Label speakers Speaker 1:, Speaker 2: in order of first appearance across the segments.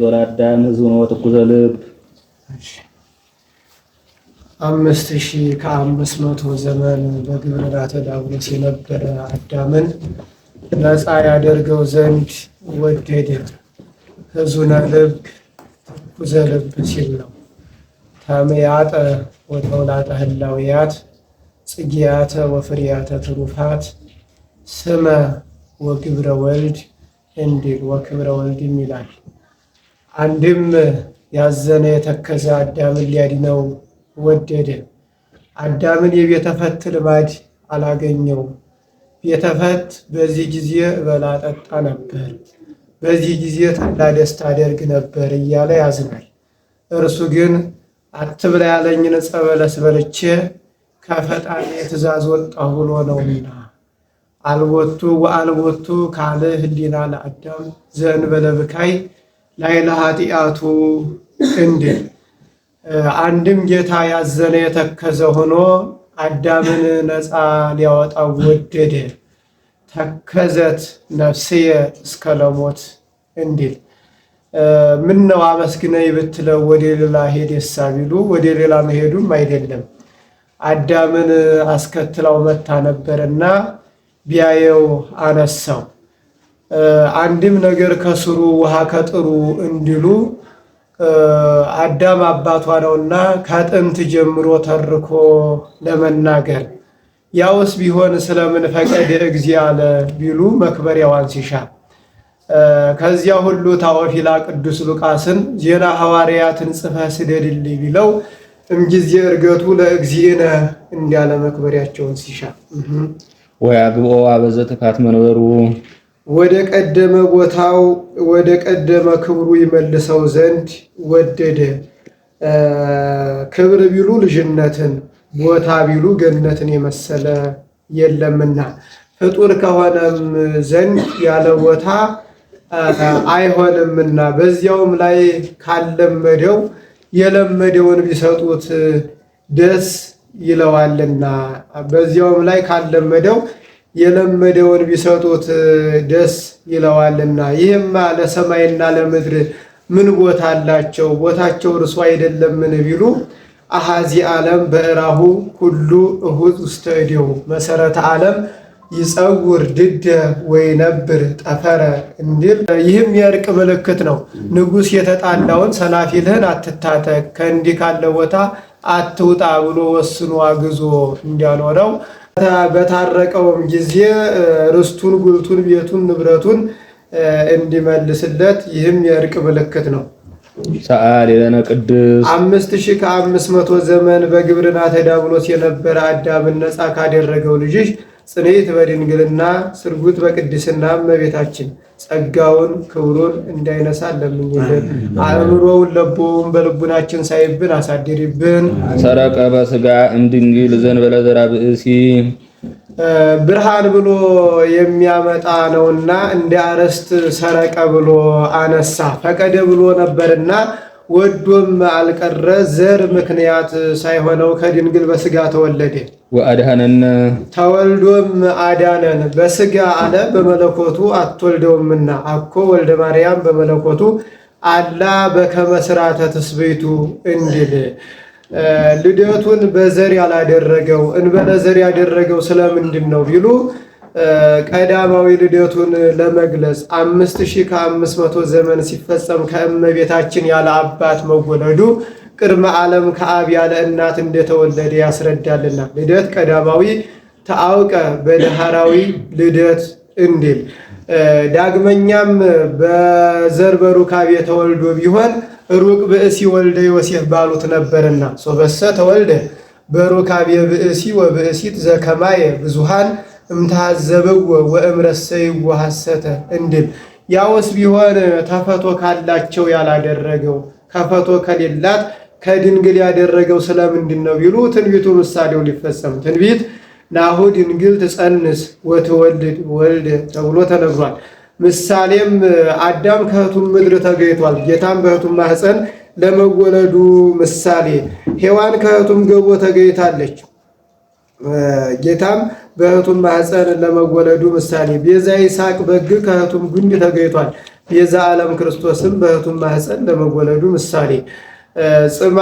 Speaker 1: ዶር አዳም ህዝቡ ነው ትኩዘ ልብ አምስት ሺህ ከአምስት መቶ ዘመን በግብርና ተዳውሎስ የነበረ አዳምን ነፃ ያደርገው ዘንድ ወደደ። ህዙነ ልብ ትኩዘ ልብ ሲል ነው። ተመያጠ ወተውላጠ ህላውያት ጽጌያተ ወፍሬያተ ትሩፋት ስመ ወግብረ ወልድ እንዲል ወክብረ ወልድ ይላል። አንድም ያዘነ የተከዘ አዳምን ሊያድነው ወደደ። አዳምን የቤተፈት ልማድ አላገኘው። ቤተፈት በዚህ ጊዜ እበላ ጠጣ ነበር፣ በዚህ ጊዜ ጠላ ደስታ አደርግ ነበር እያለ ያዝናል። እርሱ ግን አትብላ ያለኝን ዕፀ በለስ በልቼ ከፈጣሪ ትእዛዝ ወጣሁ ብሎ ነውና አልቦቱ ወአልቦቱ ካለ ህሊና ለአዳም ዘእንበለ ብካይ ላይለ ለኃጢአቱ እንዲል አንድም ጌታ ያዘነ የተከዘ ሆኖ አዳምን ነፃ ሊያወጣው ወደደ። ተከዘት ነፍስየ እስከ ለሞት እንዲል ምን ነው አመስግነኝ ብትለው ወደ ሌላ ሄደሳ ቢሉ ወደ ሌላ መሄዱም አይደለም። አዳምን አስከትለው መታ ነበርና ቢያየው አነሳው። አንድም ነገር ከስሩ ውሃ ከጥሩ እንዲሉ አዳም አባቷ ነውና ከጥንት ጀምሮ ተርኮ ለመናገር ያውስ ቢሆን ስለምን ፈቀድ እግዚአለ ቢሉ መክበሪያዋን ሲሻ ከዚያ ሁሉ ታወፊላ ቅዱስ ሉቃስን ዜና ሐዋርያትን ጽፈ ስደድልኝ ቢለው እምጊዜ እርገቱ ለእግዚእነ እንዲያለ መክበሪያቸውን ሲሻ
Speaker 2: ወይ ወያግብኦ አበዘ ጥፋት መንበሩ
Speaker 1: ወደ ቀደመ ቦታው ወደ ቀደመ ክብሩ ይመልሰው ዘንድ ወደደ። ክብር ቢሉ ልጅነትን፣ ቦታ ቢሉ ገነትን የመሰለ የለምና ፍጡር ከሆነም ዘንድ ያለ ቦታ አይሆንምና በዚያውም ላይ ካለመደው የለመደውን ቢሰጡት ደስ ይለዋልና በዚያውም ላይ ካለመደው የለመደውን ቢሰጡት ደስ ይለዋልና። ይህማ ለሰማይና ለምድር ምን ቦታ አላቸው? ቦታቸው እርሱ አይደለምን ቢሉ አሃዚ ዓለም በእራሁ ሁሉ እሁድ ውስተ እዴሁ መሰረተ ዓለም ይፀውር ድደ ነብር ጠፈረ እንዲል። ይህም የእርቅ ምልክት ነው። ንጉሥ የተጣላውን ሰናፊልህን አትታተ ከእንዲህ ካለ ቦታ አትውጣ ብሎ ወስኖ አግዞ እንዲያኖረው በታረቀውም ጊዜ ርስቱን፣ ጉልቱን፣ ቤቱን፣ ንብረቱን እንዲመልስለት ይህም የእርቅ ምልክት ነው።
Speaker 2: ሰዓል የለነ ቅዱስ
Speaker 1: አምስት ሺህ ከአምስት መቶ ዘመን በግብርና ተዳብሎት የነበረ አዳምን ነፃ ካደረገው ልጅሽ ጽንዕት በድንግልና ስርጉት በቅድስና እመቤታችን ጸጋውን ክብሩን እንዳይነሳ ለምኝልን። አእምሮውን ለቦውን በልቡናችን ሳይብን አሳድሪብን።
Speaker 2: ሰረቀ በስጋ እምድንግል ዘንበለ ዘራ ብእሲ
Speaker 1: ብርሃን ብሎ የሚያመጣ ነውና እንደ አረስት ሰረቀ ብሎ አነሳ። ፈቀደ ብሎ ነበርና ወዶም አልቀረ ዘር ምክንያት ሳይሆነው ከድንግል በስጋ ተወለደ።
Speaker 2: ወአድሃነነ
Speaker 1: ተወልዶም አዳነን በስጋ አለ በመለኮቱ አትወልደውምና አኮ ወልደ ማርያም በመለኮቱ አላ በከመ ሥርዓተ ትስብእቱ እንዲል ልደቱን በዘር ያላደረገው እንበለ ዘር ያደረገው ስለምንድን ነው ቢሉ ቀዳማዊ ልደቱን ለመግለጽ አምስት ሺህ ከአምስት መቶ ዘመን ሲፈጸም ከእመቤታችን ያለ አባት መወለዱ ቅድመ ዓለም ከአብ ያለ እናት እንደተወለደ ያስረዳልና ልደት ቀዳማዊ ተአውቀ በዳህራዊ ልደት እንዲል ዳግመኛም በዘር በሩካቤ ተወልዶ ቢሆን ሩቅ ብእሲ ወልደ ዮሴፍ ባሉት ነበርና ሶበሰ ተወልደ በሩካቤ ብእሲ ወብእሲት ዘከማየ ብዙሃን እምታዘበው ወእምረሰይ ወሐሰተ እንድል ያውስ ቢሆን ተፈቶ ካላቸው ያላደረገው ከፈቶ ከሌላት ከድንግል ያደረገው ስለምንድን ነው ቢሉ ትንቢቱ ምሳሌው ሊፈጸም ትንቢት ናሁ ድንግል ትጸንስ ወትወልድ ወልድ ተብሎ ተነግሯል። ምሳሌም አዳም ከህቱ ምድር ተገይቷል። ጌታም በእህቱም ማህፀን ለመወለዱ ምሳሌ ሔዋን ከህቱም ገቦ ተገይታለች። ጌታም በእህቱም ማኅፀን ለመወለዱ ምሳሌ ቤዛ ይስሐቅ በግ ከእህቱም ጉንድ ተገኝቷል። ቤዛ ዓለም ክርስቶስም በእህቱም ማኅፀን ለመወለዱ ምሳሌ ጽማ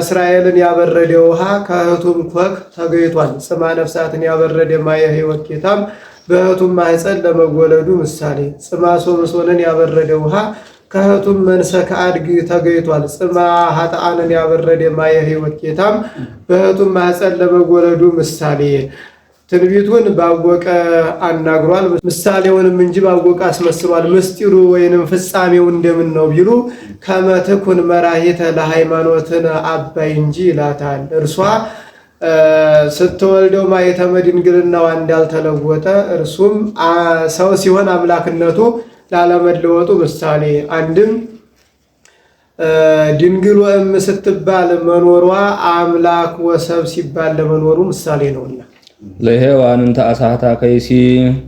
Speaker 1: እስራኤልን ያበረደ ውሃ ከእህቱም ኮክ ተገኝቷል። ጽማ ነፍሳትን ያበረደ ማየ ሕይወት ጌታም በእህቱም ማኅፀን ለመወለዱ ምሳሌ ጽማ ሶምሶንን ያበረደ ውሃ ከእህቱም መንሰ አድግ ተገይቷል። ጽማ ሀጣንን ያበረደ የማየ ህይወት ጌታም በእህቱም ማህፀን ለመጎለዱ ምሳሌ ትንቢቱን ባወቀ አናግሯል። ምሳሌውንም እንጂ ባወቀ አስመስሏል። ምስጢሩ ወይንም ፍጻሜው እንደምን ነው ቢሉ ከመትኩን መራሄተ ለሃይማኖትን አባይ እንጂ ይላታል። እርሷ ስትወልደው ማየተመ ድንግልናዋ እንዳልተለወጠ እርሱም ሰው ሲሆን አምላክነቱ ላለመለወጡ ምሳሌ አንድም ድንግል ወእም ስትባል መኖሯ አምላክ ወሰብ ሲባል ለመኖሩ ምሳሌ ነውና
Speaker 2: ለሔዋንም ተአሳታ ከይሲ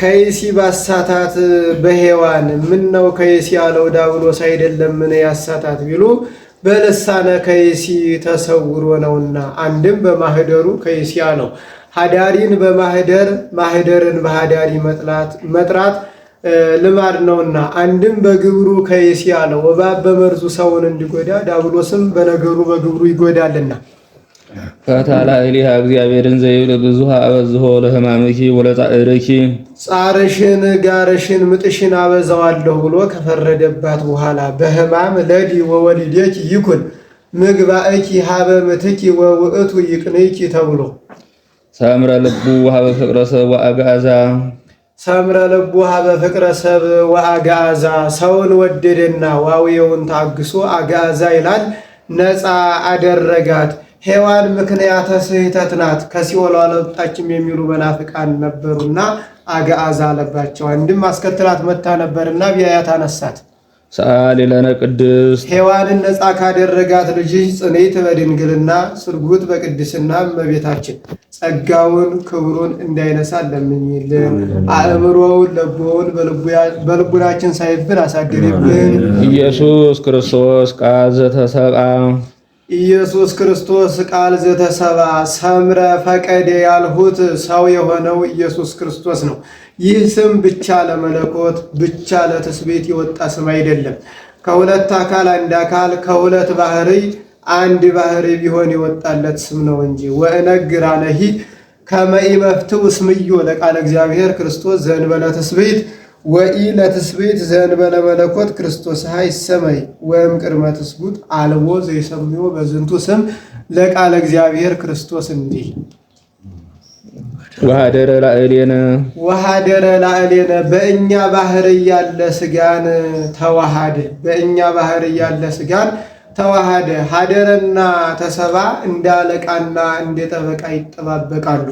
Speaker 1: ከይሲ ባሳታት በሔዋን ነው ከይሲ አለው ዳብሎስ አይደለምን ያሳታት ቢሉ በልሳነ ከይሲ ተሰውሮ ነውና አንድም በማህደሩ ከይሲ አለው ሀዳሪን በማህደር ማህደርን በሀዳሪ መጥራት ልማድ ነውና አንድም በግብሩ ከይስ ያለው እባብ በመርዙ ሰውን እንዲጎዳ ዳብሎስም በነገሩ በግብሩ ይጎዳልና
Speaker 2: ፈታላ እሊሃ እግዚአብሔርን ዘይብል ብዙሃ አበዝሆ ለሕማምኪ ወለጻዕርኪ
Speaker 1: ጻርሽን ጋርሽን ምጥሽን አበዛዋለሁ ብሎ ከፈረደባት በኋላ በህማም ለዲ ወወሊዴኪ ይኩን ምግባእኪ ሀበ ምትኪ ወውእቱ ይቅንኪ ተብሎ
Speaker 2: ሰምረ ልቡ ሀበ ፍቅረሰብ ወአጋዛ
Speaker 1: ሰምረ ልቡ በፍቅረ ሰብ ወአጋዛ ሰውን ወደደና ዋውየውን ታግሶ አጋዛ ይላል ነፃ አደረጋት። ሔዋን ምክንያተ ስህተት ናት ከሲኦል አልወጣችም የሚሉ መናፍቃን ነበሩና አጋዛ አለባቸው። አንድም አስከትላት መታ ነበርና ቢያያት አነሳት።
Speaker 2: ሰዓሊ ለነ ቅድስት
Speaker 1: ሔዋንን ነፃ ካደረጋት ልጅህ ጽንዕት በድንግልና ስርጉት በቅድስና እመቤታችን ጸጋውን ክብሩን እንዳይነሳ ለምኝልን። አእምሮውን ልቦውን በልቡናችን ሳይብን አሳድርብን።
Speaker 2: ኢየሱስ ክርስቶስ ቃል ዘተሰብአ
Speaker 1: ኢየሱስ ክርስቶስ ቃል ዘተሰብአ ሰምረ ፈቀደ ያልሁት ሰው የሆነው ኢየሱስ ክርስቶስ ነው። ይህ ስም ብቻ ለመለኮት ብቻ ለትስቤት የወጣ ስም አይደለም። ከሁለት አካል አንድ አካል ከሁለት ባህርይ አንድ ባህርይ ቢሆን የወጣለት ስም ነው እንጂ ወእነግር አለሂ ከመኢመፍትው ስምዮ ለቃለ እግዚአብሔር ክርስቶስ ዘእንበለ ትስብእት ወኢ ለትስብእት ዘእንበለ መለኮት ክርስቶስ ሀይ ሰመይ ወይም ቅድመ ትስጉት አልቦ ዘይሰምዮ በዝንቱ ስም ለቃለ እግዚአብሔር ክርስቶስ እንዲል
Speaker 2: ወሃደረ ላዕሌነ
Speaker 1: ወሃደረ ላዕሌነ በእኛ ባህር እያለ ስጋን ተዋሃደ በእኛ ባህር እያለ ስጋን ተዋሃደ። ሀደረና ተሰባ እንደ አለቃና እንደ ጠበቃ ይጠባበቃሉ።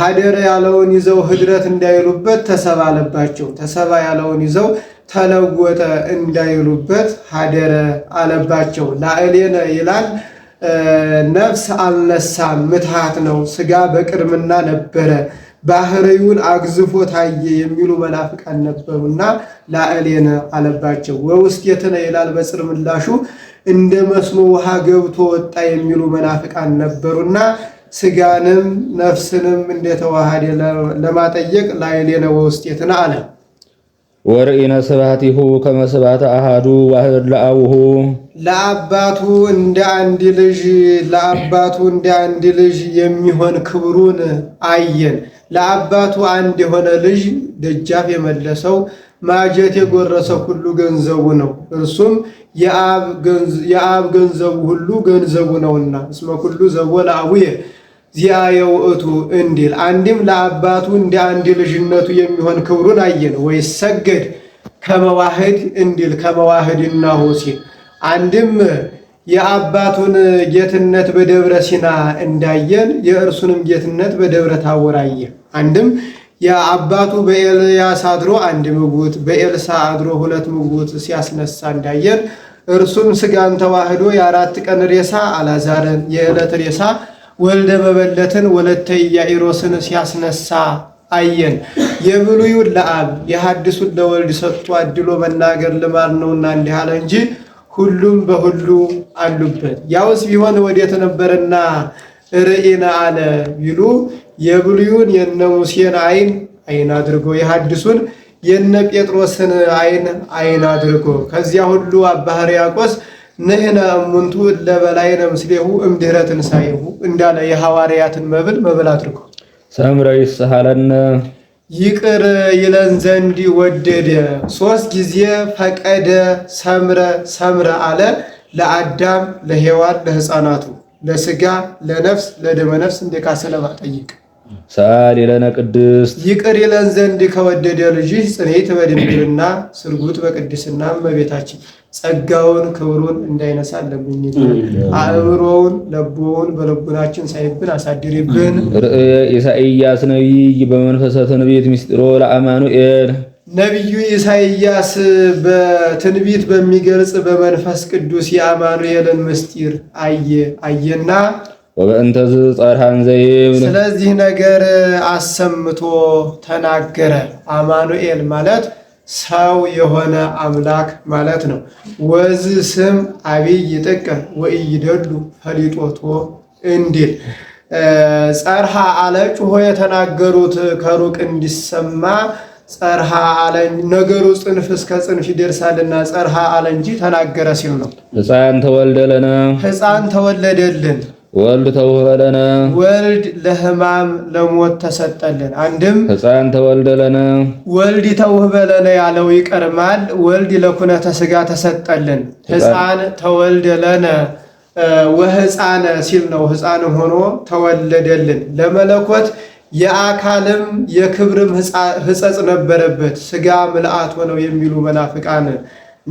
Speaker 1: ሀደረ ያለውን ይዘው ህድረት እንዳይሉበት ተሰባ አለባቸው። ተሰባ ያለውን ይዘው ተለወጠ እንዳይሉበት ሀደረ አለባቸው። ላዕሌነ ይላል ነፍስ አልነሳም፣ ምትሃት ነው። ስጋ በቅድምና ነበረ፣ ባህርዩን አግዝፎ ታየ የሚሉ መናፍቃን ነበሩና ላዕሌነ አለባቸው። ወውስቴትነ ይላል በጽር ምላሹ እንደ መስኖ ውሃ ገብቶ ወጣ የሚሉ መናፍቃን ነበሩና ስጋንም ነፍስንም እንደተዋሃደ ለማጠየቅ ላዕሌነ ወውስጤትነ አለ።
Speaker 2: ወርኢነ ስብሐቲሁ ከመ ስብሐተ አሐዱ ዋሕድ ለአቡሁ
Speaker 1: ለአባቱ እንደ አንድ ልጅ ለአባቱ እንደ አንድ ልጅ የሚሆን ክብሩን አየን። ለአባቱ አንድ የሆነ ልጅ ደጃፍ የመለሰው ማጀት የጎረሰ ሁሉ ገንዘቡ ነው። እርሱም የአብ ገንዘቡ ሁሉ ገንዘቡ ነውና እስመ ኩሉ ዘቦ ለአቡየ ዚያ የውእቱ እንዲል አንድም ለአባቱ እንደ አንድ ልጅነቱ የሚሆን ክብሩን አየን። ሰገድ ከመዋህድ እንዲል ከመዋህድ እናሁ ሲል አንድም የአባቱን ጌትነት በደብረ ሲና እንዳየን የእርሱንም ጌትነት በደብረ ታቦር አየ። አንድም የአባቱ በኤልያስ አድሮ አንድ ምጉት በኤልሳ አድሮ ሁለት ምጉት ሲያስነሳ እንዳየን እርሱም ስጋን ተዋህዶ የአራት ቀን ሬሳ አላዛርን የዕለት ሬሳ ወልደ መበለትን ወለተ ኢያኢሮስን ሲያስነሳ አየን። የብሉዩን ለአብ የሐዲሱን ለወልድ ሰጥቶ አድሎ መናገር ልማድ ነውና እንዲህ አለ እንጂ ሁሉም በሁሉ አሉበት። ያውስ ቢሆን ወዴት ነበረና ርኢነ አለ ቢሉ የብሉዩን የነ ሙሴን አይን አይን አድርጎ የሐዲሱን የነ ጴጥሮስን አይን አይን አድርጎ ከዚያ ሁሉ አባ ሕርያቆስ ንሕነ እሙንቱ እለ ምስሌሁ እምድኅረ ትንሣኤሁ እንዳለ የሐዋርያትን መብል መብል አድርጎ
Speaker 2: ሰምረ ይስሐለነ
Speaker 1: ይቅር ይለን ዘንድ ወደደ። ሶስት ጊዜ ፈቀደ ሰምረ ሰምረ አለ ለአዳም፣ ለሔዋን፣ ለሕፃናቱ፣ ለስጋ ለነፍስ፣ ለደመ ነፍስ እንደ ቃሰለባ ጠይቅ
Speaker 2: ሰአሊ ለነ ቅድስት
Speaker 1: ይቅር ይለን ዘንድ ከወደደ ልጅህ ጽኔት በድንግልና ስርጉት በቅድስና እመቤታችን ጸጋውን ክብሩን እንዳይነሳ ለምኝ አእምሮውን ለቦውን በልቡናችን ሳይብን አሳድሪብን።
Speaker 2: ርእየ ኢሳይያስ ነቢይ በመንፈሰ ትንቢት ሚስጢሮ ለአማኑኤል
Speaker 1: ነቢዩ ኢሳይያስ በትንቢት በሚገልጽ በመንፈስ ቅዱስ የአማኑኤልን ምስጢር አየ አየና
Speaker 2: ወበእንተዝ ጸርሃን ዘይብ
Speaker 1: ስለዚህ ነገር አሰምቶ ተናገረ። አማኑኤል ማለት ሰው የሆነ አምላክ ማለት ነው። ወዝ ስም አብይ ጥቅም ወኢይደሉ ፈሊጦቶ እንዲል ጸርሃ አለ ጩሆ የተናገሩት ከሩቅ እንዲሰማ ጸርሃ አለ ነገሩ ጽንፍ እስከ ጽንፍ ይደርሳልና ጸርሃ አለ እንጂ ተናገረ ሲሉ ነው።
Speaker 2: ህፃን ተወልደለነ
Speaker 1: ህፃን ተወለደልን
Speaker 2: ወልድ ተወለደነ
Speaker 1: ወልድ ለሕማም ለሞት ተሰጠልን። አንድም
Speaker 2: ሕፃን ተወልደለነ
Speaker 1: ወልድ ተውህበለነ ያለው ይቀርማል። ወልድ ለኩነተ ሥጋ ተሰጠልን። ሕፃን ተወልደለነ ወሕፃነ ሲል ነው። ሕፃንም ሆኖ ተወለደልን። ለመለኮት የአካልም የክብርም ሕፀጽ ነበረበት። ሥጋ ምልአት ሆነው የሚሉ መናፍቃን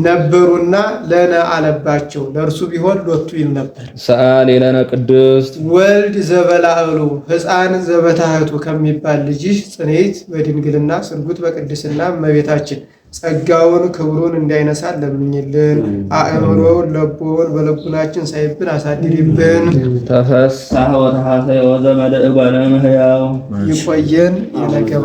Speaker 1: ነበሩና ለነ አለባቸው ለእርሱ ቢሆን ሎቱ ይል ነበር።
Speaker 2: ሰአሊ ለነ ቅድስት
Speaker 1: ወልድ ዘበላዕሉ ሕፃን ዘበታህቱ ከሚባል ልጅሽ ጽኔት በድንግልና ስርጉት በቅድስና እመቤታችን ጸጋውን ክብሩን እንዳይነሳ ለምኝልን። አእምሮውን ለቦውን በልቡናችን ሳይብን አሳድሪብን።
Speaker 2: ተፈሳህ
Speaker 1: ወተሐሰይ ወዘመደ እጓለ ይቆየን የነገባንሻ